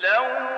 لو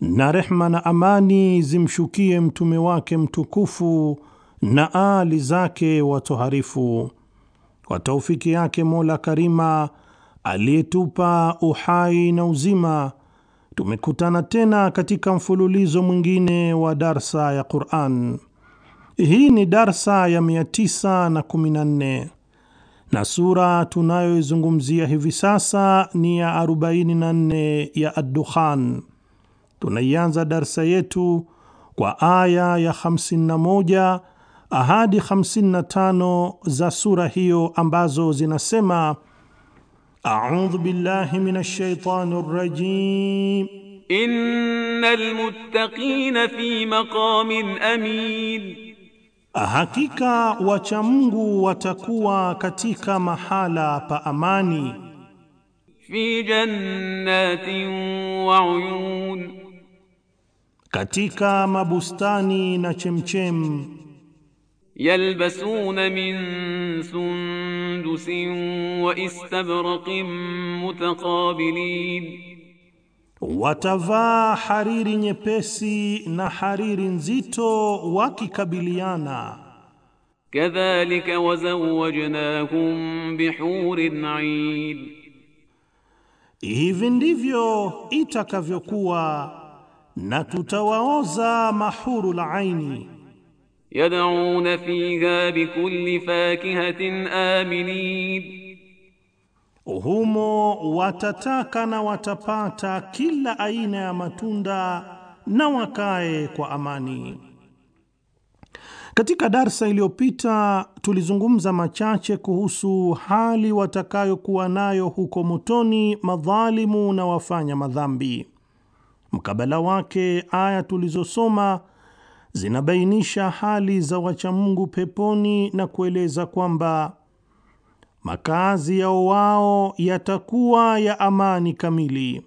na rehma na amani zimshukie mtume wake mtukufu na aali zake watoharifu. Kwa taufiki yake Mola Karima aliyetupa uhai na uzima, tumekutana tena katika mfululizo mwingine wa darsa ya Qur'an. Hii ni darsa ya 914 na sura tunayoizungumzia hivi sasa ni ya 44 ya Ad-Dukhan tunaianza darsa yetu kwa aya ya 51 ahadi 55 za sura hiyo ambazo zinasema: audhu billahi minash shaitani rrajim innal muttaqina fi maqamin amin, hakika wacha Mungu watakuwa katika mahala pa amani. Fi jannatin wa uyun katika mabustani na chemchem. Yalbasuna min sundusin wa istabraqin mutaqabilin, watavaa hariri nyepesi na hariri nzito wakikabiliana. Kadhalika wazawajnahum bihurin ain, hivi ndivyo itakavyokuwa na tutawaoza mahuru la aini yad'una fiha bikulli fakihatin aminin, humo watataka na watapata kila aina ya matunda na wakae kwa amani. Katika darsa iliyopita tulizungumza machache kuhusu hali watakayokuwa nayo huko motoni madhalimu na wafanya madhambi. Mkabala wake aya tulizosoma zinabainisha hali za wachamungu peponi na kueleza kwamba makazi yao wao yatakuwa ya amani kamili.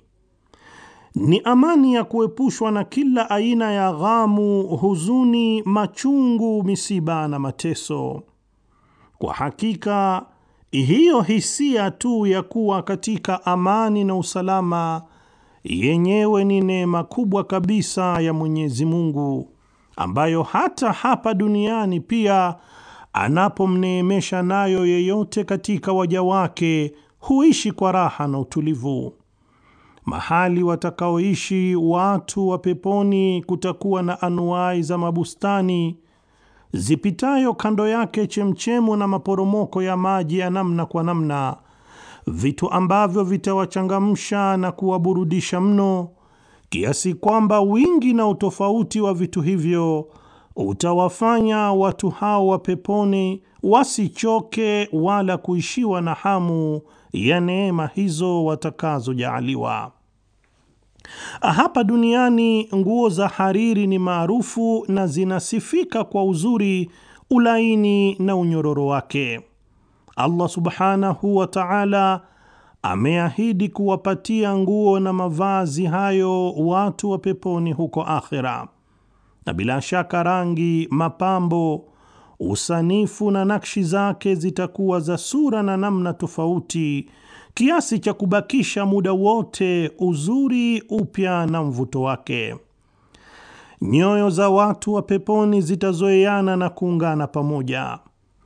Ni amani ya kuepushwa na kila aina ya ghamu, huzuni, machungu, misiba na mateso. Kwa hakika hiyo hisia tu ya kuwa katika amani na usalama yenyewe ni neema kubwa kabisa ya Mwenyezi Mungu ambayo hata hapa duniani pia anapomneemesha nayo yeyote katika waja wake huishi kwa raha na utulivu. Mahali watakaoishi watu wa peponi kutakuwa na anuwai za mabustani zipitayo kando yake chemchemu na maporomoko ya maji ya namna kwa namna vitu ambavyo vitawachangamsha na kuwaburudisha mno, kiasi kwamba wingi na utofauti wa vitu hivyo utawafanya watu hao wa peponi wasichoke wala kuishiwa na hamu ya neema hizo watakazojaaliwa. Hapa duniani nguo za hariri ni maarufu na zinasifika kwa uzuri, ulaini na unyororo wake. Allah subhanahu wa ta'ala ameahidi kuwapatia nguo na mavazi hayo watu wa peponi huko akhira, na bila shaka rangi, mapambo, usanifu na nakshi zake zitakuwa za sura na namna tofauti kiasi cha kubakisha muda wote uzuri, upya na mvuto wake. Nyoyo za watu wa peponi zitazoeana na kuungana pamoja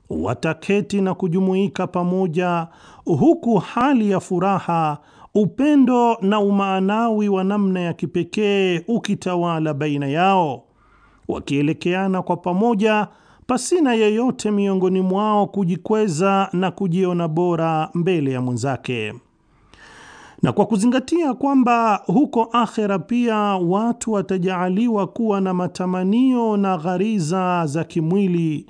wataketi na kujumuika pamoja, huku hali ya furaha, upendo na umaanawi wa namna ya kipekee ukitawala baina yao, wakielekeana kwa pamoja pasina yeyote miongoni mwao kujikweza na kujiona bora mbele ya mwenzake. Na kwa kuzingatia kwamba huko akhera pia watu watajaaliwa kuwa na matamanio na ghariza za kimwili,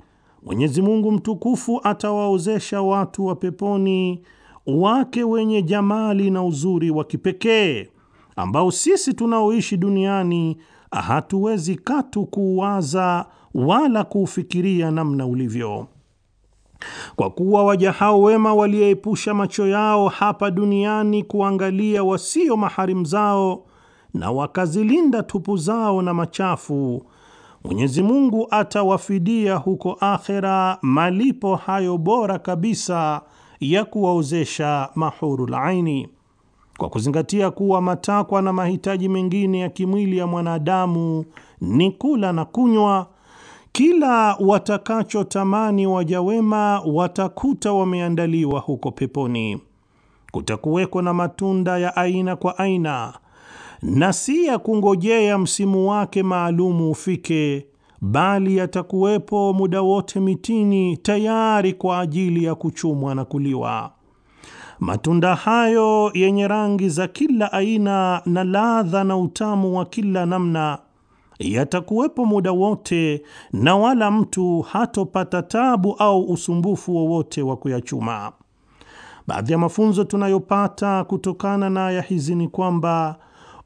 Mwenyezi Mungu mtukufu atawaozesha watu wa peponi wake wenye jamali na uzuri wa kipekee ambao sisi tunaoishi duniani hatuwezi katu kuuwaza wala kuufikiria namna ulivyo. Kwa kuwa waja hao wema waliyeepusha macho yao hapa duniani kuangalia wasio maharimu zao na wakazilinda tupu zao na machafu Mwenyezi Mungu atawafidia huko akhera malipo hayo bora kabisa ya kuwaozesha mahurul aini. Kwa kuzingatia kuwa matakwa na mahitaji mengine ya kimwili ya mwanadamu ni kula na kunywa, kila watakachotamani waja wema watakuta wameandaliwa huko peponi. Kutakuweko na matunda ya aina kwa aina na si ya kungojea msimu wake maalumu ufike, bali yatakuwepo muda wote mitini tayari kwa ajili ya kuchumwa na kuliwa. Matunda hayo yenye rangi za kila aina na ladha na utamu wa kila namna yatakuwepo muda wote, na wala mtu hatopata tabu au usumbufu wowote wa kuyachuma. Baadhi ya mafunzo tunayopata kutokana na aya hizi ni kwamba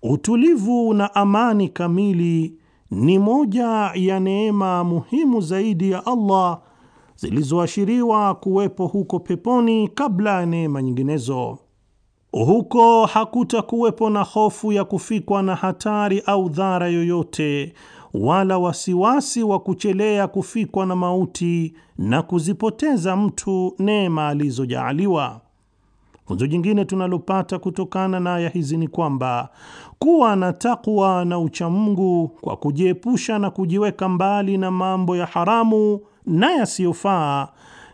Utulivu na amani kamili ni moja ya neema muhimu zaidi ya Allah zilizoashiriwa kuwepo huko peponi kabla ya neema nyinginezo. Huko hakutakuwepo na hofu ya kufikwa na hatari au dhara yoyote, wala wasiwasi wa kuchelea kufikwa na mauti na kuzipoteza mtu neema alizojaaliwa. Funzo jingine tunalopata kutokana na aya hizi ni kwamba kuwa na takwa na uchamungu kwa kujiepusha na kujiweka mbali na mambo ya haramu na yasiyofaa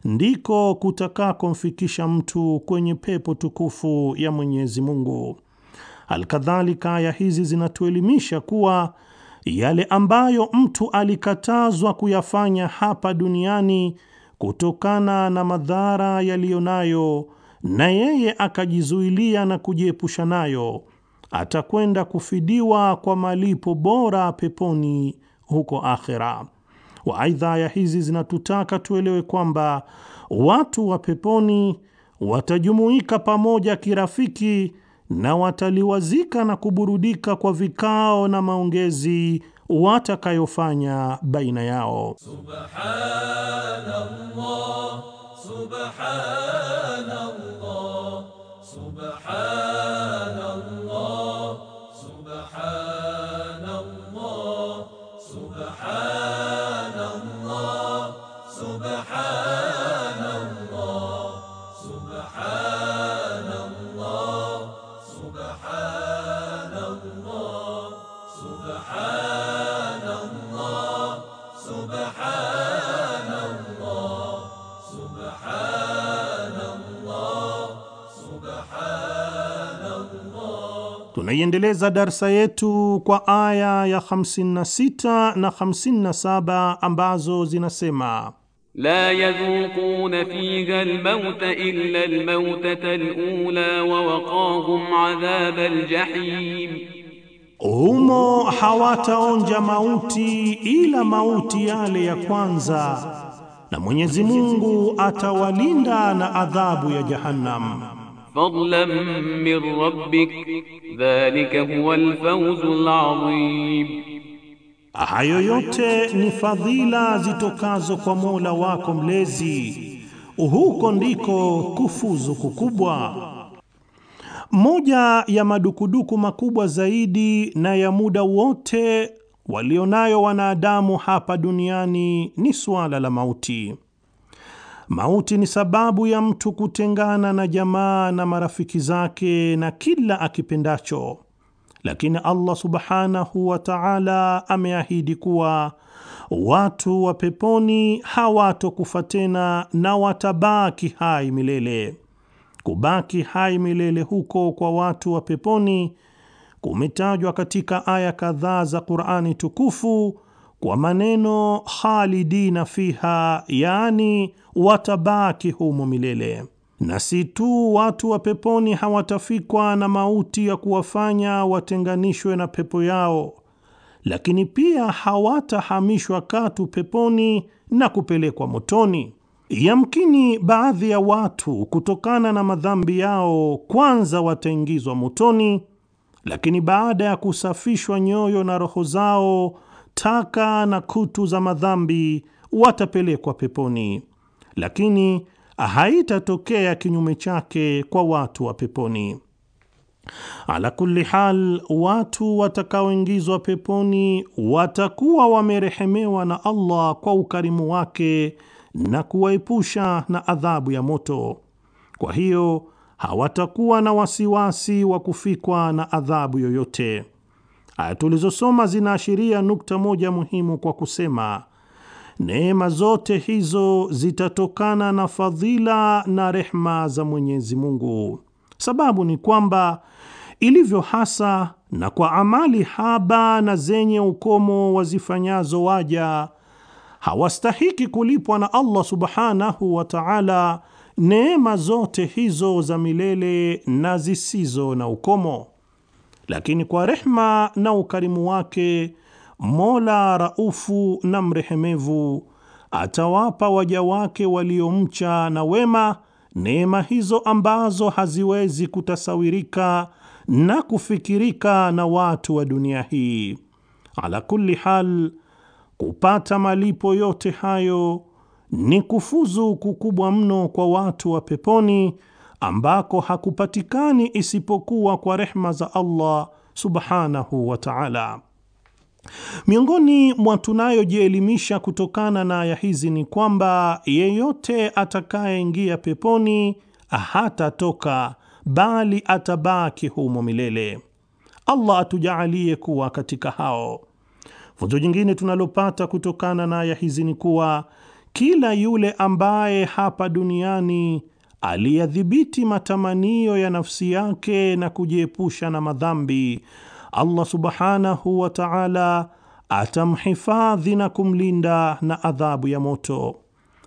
ndiko kutakakomfikisha mtu kwenye pepo tukufu ya Mwenyezi Mungu. Alkadhalika, aya hizi zinatuelimisha kuwa yale ambayo mtu alikatazwa kuyafanya hapa duniani kutokana na madhara yaliyo nayo na yeye akajizuilia na kujiepusha nayo atakwenda kufidiwa kwa malipo bora peponi huko akhera. wa Aidha, aya hizi zinatutaka tuelewe kwamba watu wa peponi watajumuika pamoja kirafiki na wataliwazika na kuburudika kwa vikao na maongezi watakayofanya baina yao. Subhanallah, subhanallah, subhanallah. Tunaiendeleza darsa yetu kwa aya ya 56 na 57 ambazo zinasema la yadhuquna fiha almauta illa almautata alula wa waqahum adhab aljahim, humo hawataonja mauti ila mauti yale ya kwanza, na Mwenyezi Mungu atawalinda na adhabu ya Jahannam fadlan min rabbik dhalika huwa alfawzul adhim, hayo yote ni fadhila zitokazo kwa Mola wako mlezi, huko ndiko kufuzu kukubwa. Moja ya madukuduku makubwa zaidi na ya muda wote walionayo wanadamu hapa duniani ni suala la mauti. Mauti ni sababu ya mtu kutengana na jamaa na marafiki zake na kila akipendacho, lakini Allah subhanahu wa ta'ala ameahidi kuwa watu wa peponi hawatokufa tena na watabaki hai milele. Kubaki hai milele huko kwa watu wa peponi kumetajwa katika aya kadhaa za Qur'ani tukufu kwa maneno khalidina fiha, yaani watabaki humo milele. Na si tu watu wa peponi hawatafikwa na mauti ya kuwafanya watenganishwe na pepo yao, lakini pia hawatahamishwa katu peponi na kupelekwa motoni. Yamkini baadhi ya watu kutokana na madhambi yao kwanza wataingizwa motoni, lakini baada ya kusafishwa nyoyo na roho zao taka na kutu za madhambi watapelekwa peponi, lakini haitatokea kinyume chake kwa watu wa peponi. Ala kulli hal, watu watakaoingizwa peponi watakuwa wamerehemewa na Allah kwa ukarimu wake na kuwaepusha na adhabu ya moto. Kwa hiyo hawatakuwa na wasiwasi wa kufikwa na adhabu yoyote. Aya tulizosoma zinaashiria nukta moja muhimu kwa kusema neema zote hizo zitatokana na fadhila na rehma za Mwenyezi Mungu. Sababu ni kwamba ilivyo hasa na kwa amali haba na zenye ukomo wazifanyazo waja hawastahiki kulipwa na Allah subhanahu wa ta'ala neema zote hizo za milele na zisizo na ukomo lakini kwa rehma na ukarimu wake Mola raufu na mrehemevu atawapa waja wake waliomcha na wema neema hizo ambazo haziwezi kutasawirika na kufikirika na watu wa dunia hii. Ala kulli hal, kupata malipo yote hayo ni kufuzu kukubwa mno kwa watu wa peponi ambako hakupatikani isipokuwa kwa rehma za Allah subhanahu wa ta'ala. Miongoni mwa tunayojielimisha kutokana na aya hizi ni kwamba yeyote atakayeingia peponi hatatoka bali atabaki humo milele. Allah atujaalie kuwa katika hao. Funzo jingine tunalopata kutokana na aya hizi ni kuwa kila yule ambaye hapa duniani aliyadhibiti matamanio ya nafsi yake na kujiepusha na madhambi, Allah subhanahu wa ta'ala atamhifadhi na kumlinda na adhabu ya moto.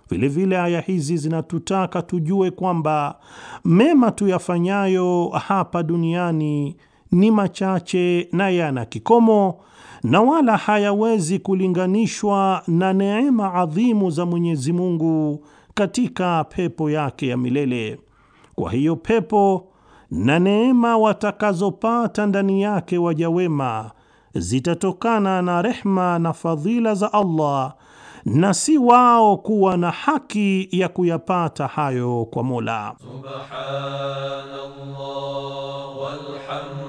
Vilevile aya hizi zinatutaka tujue kwamba mema tuyafanyayo hapa duniani ni machache na yana kikomo na wala hayawezi kulinganishwa na neema adhimu za Mwenyezi Mungu katika pepo yake ya milele. Kwa hiyo pepo na neema watakazopata ndani yake waja wema zitatokana na rehma na fadhila za Allah na si wao kuwa na haki ya kuyapata hayo kwa Mola. Subhanallah walhamdulillah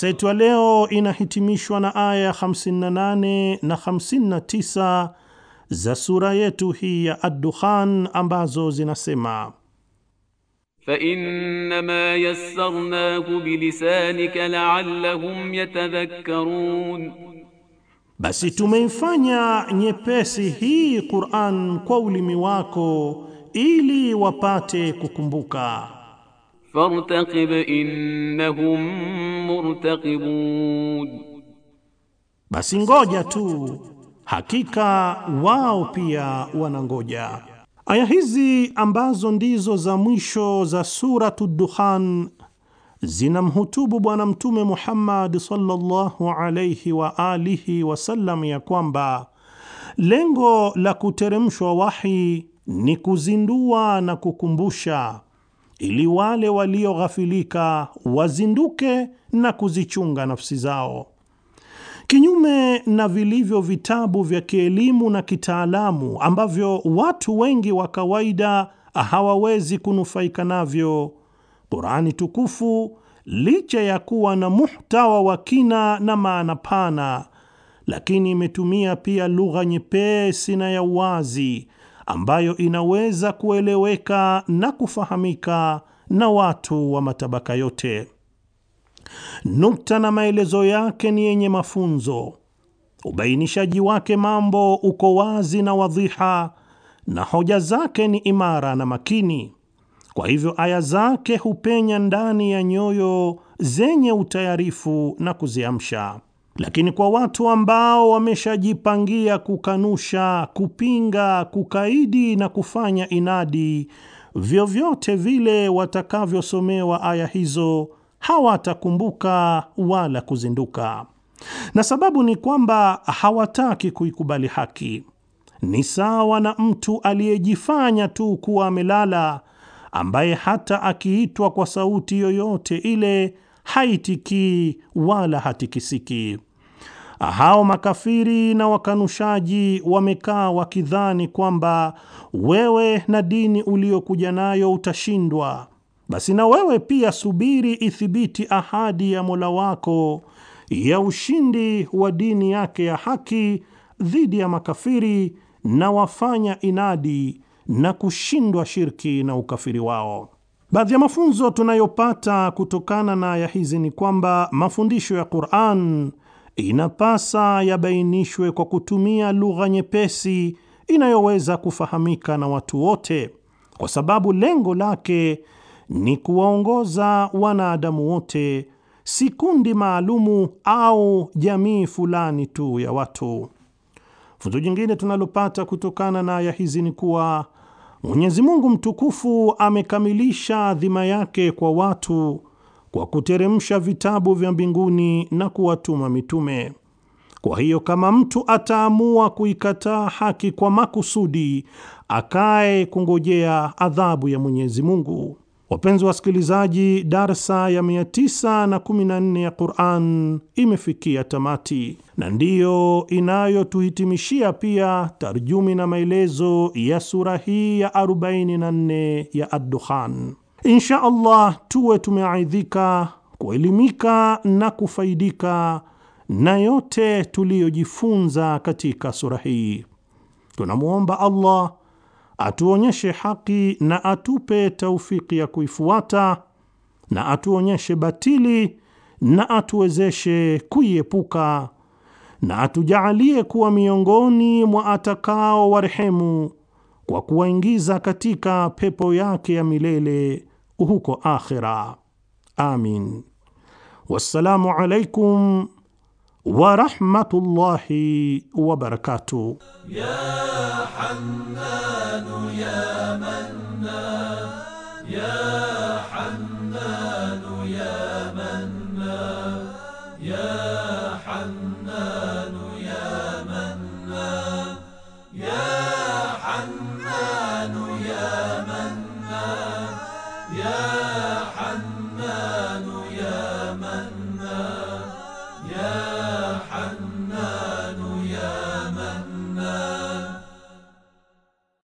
Darsa yetu ya leo inahitimishwa na aya 58 na 59 za sura yetu hii ya Ad-Dukhan ambazo zinasema Fainma yassarnahu bilisanika laallahum yatadhakkarun, basi tumeifanya nyepesi hii Qur'an kwa ulimi wako ili wapate kukumbuka fartaqib innahum murtaqibun, basi ngoja tu, hakika wao pia wanangoja. Aya hizi ambazo ndizo za mwisho za Suratu Dukhan zinamhutubu Bwana Mtume Muhammad sallallahu alayhi wa alihi wasallam ya kwamba lengo la kuteremshwa wahi ni kuzindua na kukumbusha ili wale walioghafilika wazinduke na kuzichunga nafsi zao. Kinyume na vilivyo vitabu vya kielimu na kitaalamu ambavyo watu wengi wa kawaida hawawezi kunufaika navyo, Qurani tukufu licha ya kuwa na muhtawa wa kina na maana pana, lakini imetumia pia lugha nyepesi na ya uwazi ambayo inaweza kueleweka na kufahamika na watu wa matabaka yote. Nukta na maelezo yake ni yenye mafunzo, ubainishaji wake mambo uko wazi na wadhiha, na hoja zake ni imara na makini. Kwa hivyo aya zake hupenya ndani ya nyoyo zenye utayarifu na kuziamsha. Lakini kwa watu ambao wameshajipangia kukanusha, kupinga, kukaidi na kufanya inadi, vyovyote vile watakavyosomewa aya hizo hawatakumbuka wala kuzinduka, na sababu ni kwamba hawataki kuikubali haki. Ni sawa na mtu aliyejifanya tu kuwa amelala, ambaye hata akiitwa kwa sauti yoyote ile haitikii wala hatikisiki. Hao makafiri na wakanushaji wamekaa wakidhani kwamba wewe na dini uliyokuja nayo utashindwa. Basi na wewe pia subiri ithibiti ahadi ya Mola wako ya ushindi wa dini yake ya haki dhidi ya makafiri na wafanya inadi na kushindwa shirki na ukafiri wao. Baadhi ya mafunzo tunayopata kutokana na aya hizi ni kwamba mafundisho ya Qur'an inapasa yabainishwe kwa kutumia lugha nyepesi inayoweza kufahamika na watu wote, kwa sababu lengo lake ni kuwaongoza wanadamu wote, si kundi maalumu au jamii fulani tu ya watu. Funzo jingine tunalopata kutokana na aya hizi ni kuwa Mwenyezi Mungu mtukufu amekamilisha dhima yake kwa watu kwa kuteremsha vitabu vya mbinguni na kuwatuma mitume. Kwa hiyo kama mtu ataamua kuikataa haki kwa makusudi, akae kungojea adhabu ya Mwenyezi Mungu. Wapenzi wasikilizaji, darsa ya 914 ya Quran imefikia tamati na ndiyo inayotuhitimishia pia tarjumi na maelezo ya sura hii ya 44 ya Ad-Dukhan. Insha Allah tuwe tumeaidhika, kuelimika na kufaidika na yote tuliyojifunza katika sura hii. Tunamwomba Allah atuonyeshe haki na atupe taufiki ya kuifuata na atuonyeshe batili na atuwezeshe kuiepuka na atujaalie kuwa miongoni mwa atakao warehemu kwa kuwaingiza katika pepo yake ya milele huko akhira. Amin. Wassalamu alaikum ورحمة الله وبركاته يا حنان يا منان يا حنان